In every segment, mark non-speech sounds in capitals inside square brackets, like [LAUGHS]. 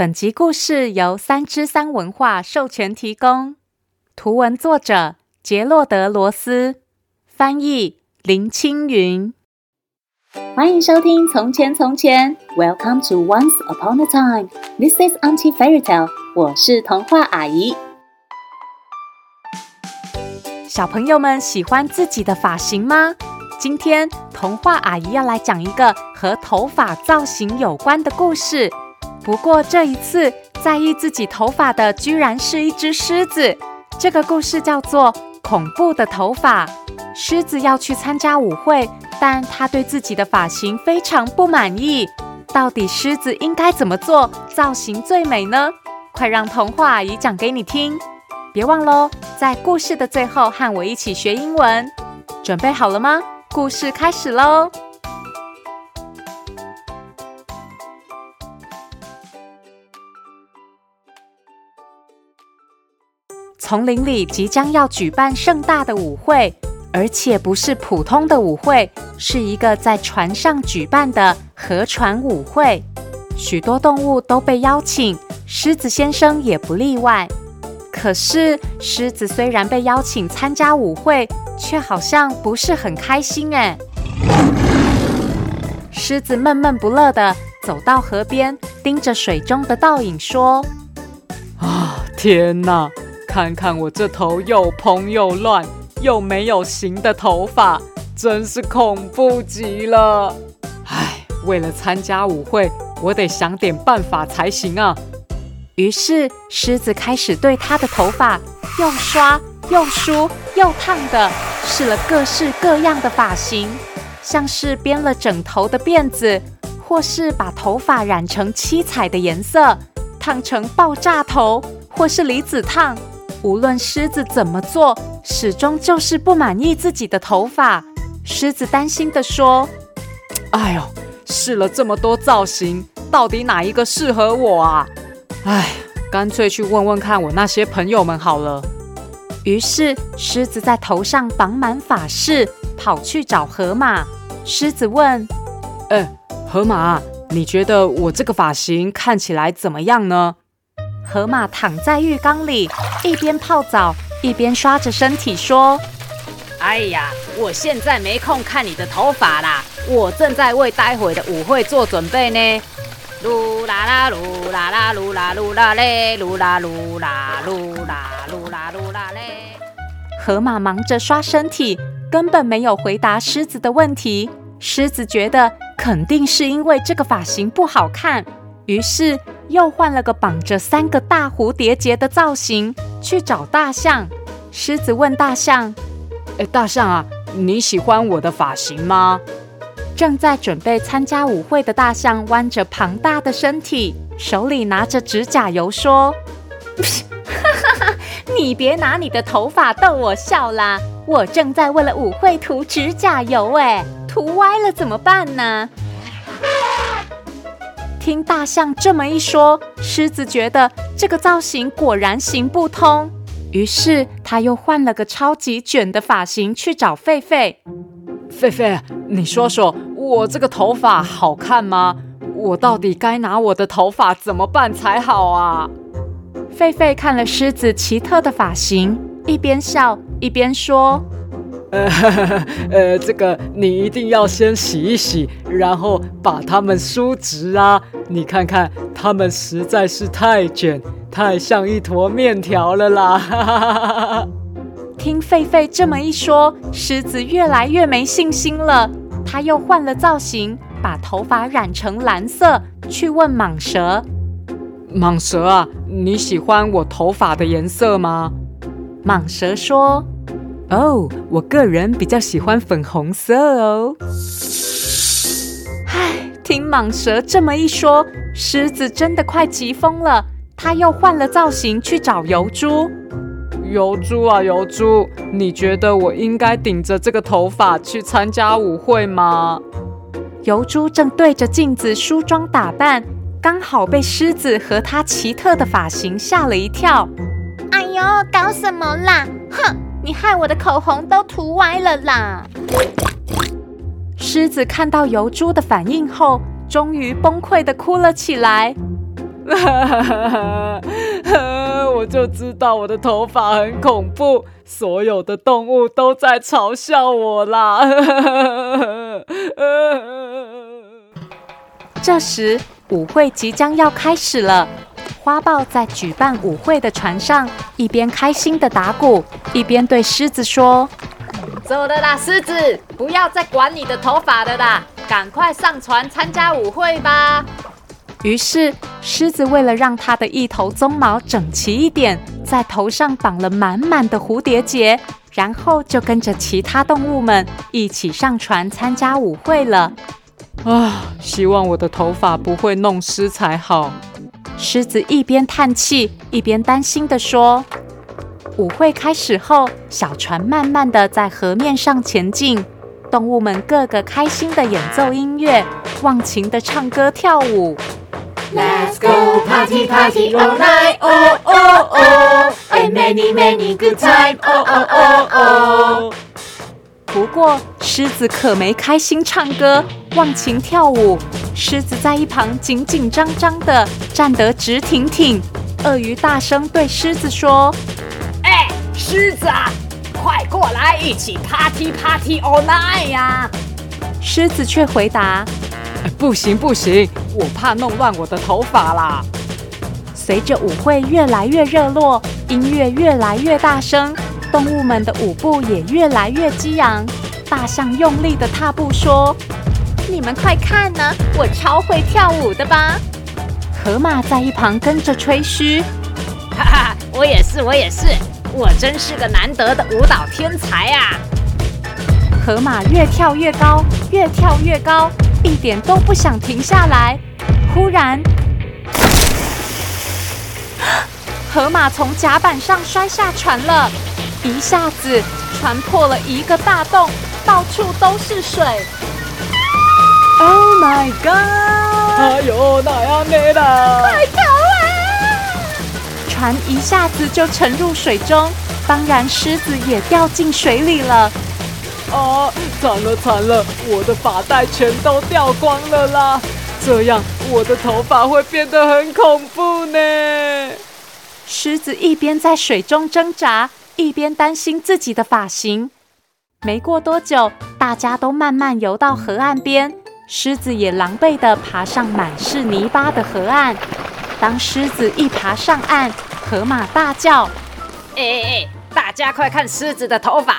本集故事由三之三文化授權提供，圖文作者傑洛德羅斯，翻譯林清雲。歡迎收聽《從前從前》，Welcome to Once Upon a Time，This is Auntie Fairy Tale，我是童話阿姨。小朋友們喜歡自己的髮型嗎？今天童話阿姨要來講一個和頭髮造型有關的故事。不過這一次在意自己頭髮的居然是一隻獅子。這個故事叫做《恐怖的頭髮》。獅子要去參加舞會，但它對自己的髮型非常不滿意。到底獅子應該怎麼做造型最美呢？快讓童話阿姨講給你聽。別忘嘍，在故事的最後和我一起學英文。準備好了嗎？故事開始嘍。叢林裡即將要舉辦盛大的舞會，而且不是普通的舞會，是一個在船上舉辦的河船舞會。許多動物都被邀請，獅子先生也不例外。可是，獅子雖然被邀請參加舞會，卻好像不是很開心。哎，獅子悶悶不樂地走到河邊，盯着水中的倒影說：“啊，天哪！”看看我這頭又蓬又亂又沒有型的頭髮，真是恐怖極了！唉，為了參加舞會，我得想點辦法才行啊。於是，獅子開始對他的頭髮又刷又梳又燙的，試了各式各樣的髮型，像是編了整頭的辮子，或是把頭髮染成七彩的顏色，燙成爆炸頭，或是離子燙。無論獅子怎麼做，始終就是不滿意自己的頭髮。獅子擔心地說：“哎呦，試了這麼多造型，到底哪一個適合我啊？哎，乾脆去問問看我那些朋友們好了。”於是，獅子在頭上綁滿髮飾，跑去找河馬。獅子問：“哎，河馬，你覺得我這個髮型看起來怎麼樣呢？”河馬躺在浴缸裡，一邊泡澡一邊刷着身體，說：“哎呀，我現在沒空看你的頭髮啦，我正在為待會的舞會做準備呢。”嚕啦啦嚕啦啦嚕啦啦嚕啦嚕啦嘞，嚕啦嚕啦嚕啦嚕啦嚕啦，嚕啦嘞。河馬忙着刷身體，根本沒有回答獅子的問題。獅子覺得肯定是因為這個髮型不好看，於是，又換了個綁着三個大蝴蝶結的造型去找大象。獅子問大象：“誒，大象啊，你喜歡我的髮型嗎？”正在準備參加舞會的大象彎着龐大的身體，手裡拿着指甲油說：“哈哈哈，你別拿你的頭髮逗我笑啦！我正在為了舞會塗指甲油哎，塗歪了怎麼辦呢？”聽大象這麼一說，獅子覺得這個造型果然行不通，於是他又換了個超級捲的髮型去找狒狒。狒狒，你說說我這個頭髮好看嗎？我到底該拿我的頭髮怎麼辦才好啊？狒狒看了獅子奇特的髮型，一邊笑一邊說。呃， [LAUGHS] 呃，這個你一定要先洗一洗，然後把它們梳直啊！你看看，它們實在是太捲，太像一坨麵條了啦！ [LAUGHS] 聽狒狒這麼一說，獅子越來越沒信心了。他又換了造型，把頭髮染成藍色，去問蟒蛇：“蟒蛇啊，你喜歡我頭髮的顏色嗎？”蟒蛇說。哦，oh，我個人比較喜歡粉紅色哦。唉，聽蟒蛇這麼一說，獅子真的快急瘋了。他又換了造型，去找疣豬。疣豬啊疣豬，你覺得我應該頂着這個頭髮去參加舞會嗎？疣豬正對着鏡子梳妝打扮，剛好被獅子和他奇特的髮型嚇了一跳。哎喲，搞什麼啦！哼。你害我的口紅都塗歪了啦！獅子看到疣豬的反應後，終於崩潰的哭了起來。 [LAUGHS] 我就知道我的頭髮很恐怖，所有的動物都在嘲笑我啦！ [LAUGHS] 這時舞會即將要開始了。花豹在舉辦舞會的船上，一邊開心的打鼓，一邊對獅子說：“走的啦，獅子，不要再管你的頭髮了啦，趕快上船參加舞會吧。”於是，獅子為了讓他的一頭鬃毛整齊一點，在頭上綁了滿滿的蝴蝶結，然後就跟着其他動物們一起上船參加舞會了。啊、哦，希望我的頭髮不會弄濕才好。獅子一邊嘆氣，一邊擔心地說：“舞會開始後，小船慢慢的在河面上前進，動物們個個開心的演奏音樂，忘情的唱歌跳舞。Let's go party party all night, oh oh oh and many many good time, oh oh oh oh。不過，獅子可沒開心唱歌，忘情跳舞。”獅子在一旁緊緊張張地站得直挺挺。鱷魚大聲對獅子說：“誒，獅子啊，快過來一起 party party all night 呀，啊！”獅子卻回答：“欸、不行不行，我怕弄亂我的頭髮啦。”隨着舞會越來越熱絡，音樂越來越大聲，動物們的舞步也越來越激昂。大象用力的踏步說：你們快看呢！我超會跳舞的吧？河馬在一旁跟着吹噓。哈哈，我也是，我也是，我真是個難得的舞蹈天才啊！河馬越跳越高，越跳越高，一點都不想停下來。忽然， [LAUGHS] 河馬從甲板上摔下船了，一下子船破了一個大洞，到處都是水。Oh my god！哎呦，哪樣沒了，快走啊！船一下子就沉入水中，當然獅子也掉進水裡了。啊，慘了慘了，我的髮帶全都掉光了啦！這樣我的頭髮會變得很恐怖呢。獅子一邊在水中掙扎，一邊擔心自己的髮型。沒過多久，大家都慢慢游到河岸邊。獅子也狼狽地爬上滿是泥巴的河岸。當獅子一爬上岸，河馬大叫：“哎、欸、哎，大家快看獅子的頭髮！”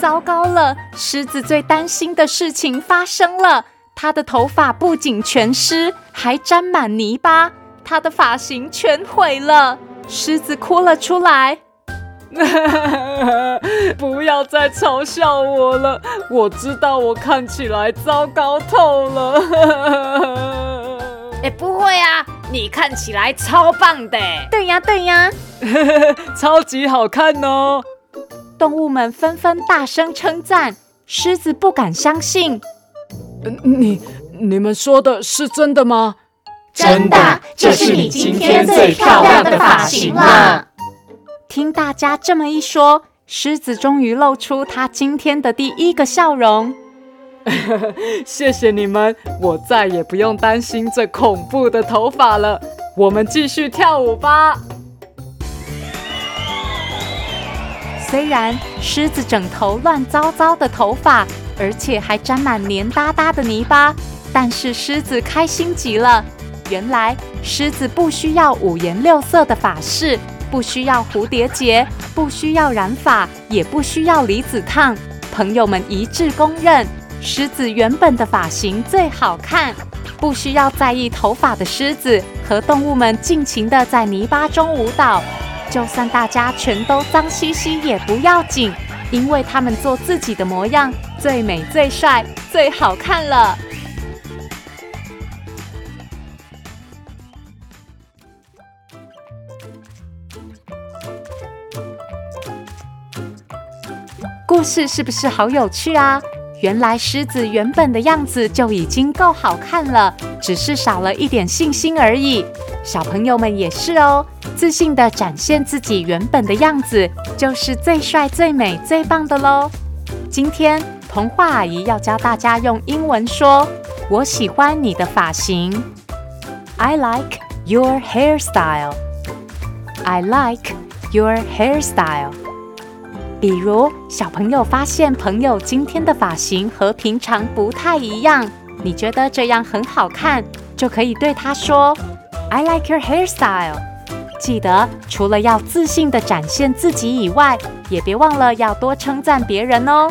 糟糕了，獅子最擔心的事情發生了，它的頭髮不僅全濕，還沾滿泥巴，它的髮型全毀了。獅子哭了出來。 [LAUGHS] 不要再嘲笑我了，我知道我看起來糟糕透了。哎、 [LAUGHS] 欸，不會啊，你看起來超棒的。對呀，對呀， [LAUGHS] 超級好看哦！動物們紛紛大聲稱讚。獅子不敢相信，呃、你你們說的是真的嗎？真的，這、就是你今天最漂亮的髮型了。聽大家這麼一說，獅子終於露出他今天的第一個笑容。 [LAUGHS] 謝謝你們，我再也不用擔心最恐怖的頭髮了。我們繼續跳舞吧。雖然獅子整頭亂糟糟的頭髮，而且還沾滿黏噠噠的泥巴，但是獅子開心極了。原來獅子不需要五顏六色的髮飾。不需要蝴蝶結，不需要染髮，也不需要離子燙。朋友們一致公認，獅子原本的髮型最好看。不需要在意頭髮的獅子和動物們盡情地在泥巴中舞蹈。就算大家全都髒兮兮也不要緊，因為他們做自己的模樣最美、最帥、最好看了。故事是不是好有趣啊？原來獅子原本的樣子就已經夠好看了，只是少了一點信心而已。小朋友們也是哦，自信地展現自己原本的樣子，就是最帥、最美、最棒的嘍。今天童話阿姨要教大家用英文說：“我喜歡你的髮型。” I like your hairstyle. I like your hairstyle. 比如小朋友發現朋友今天的髮型和平常不太一樣，你覺得這樣很好看，就可以對他說：“I like your hairstyle.” 記得除了要自信地展現自己以外，也別忘了要多稱讚別人哦。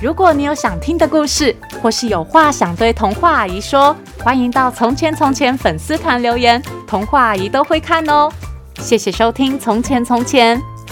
如果你有想聽的故事，或是有話想對童話阿姨說，歡迎到《從前從前》粉絲團留言，童話阿姨都會看哦。謝謝收聽《從前從前》。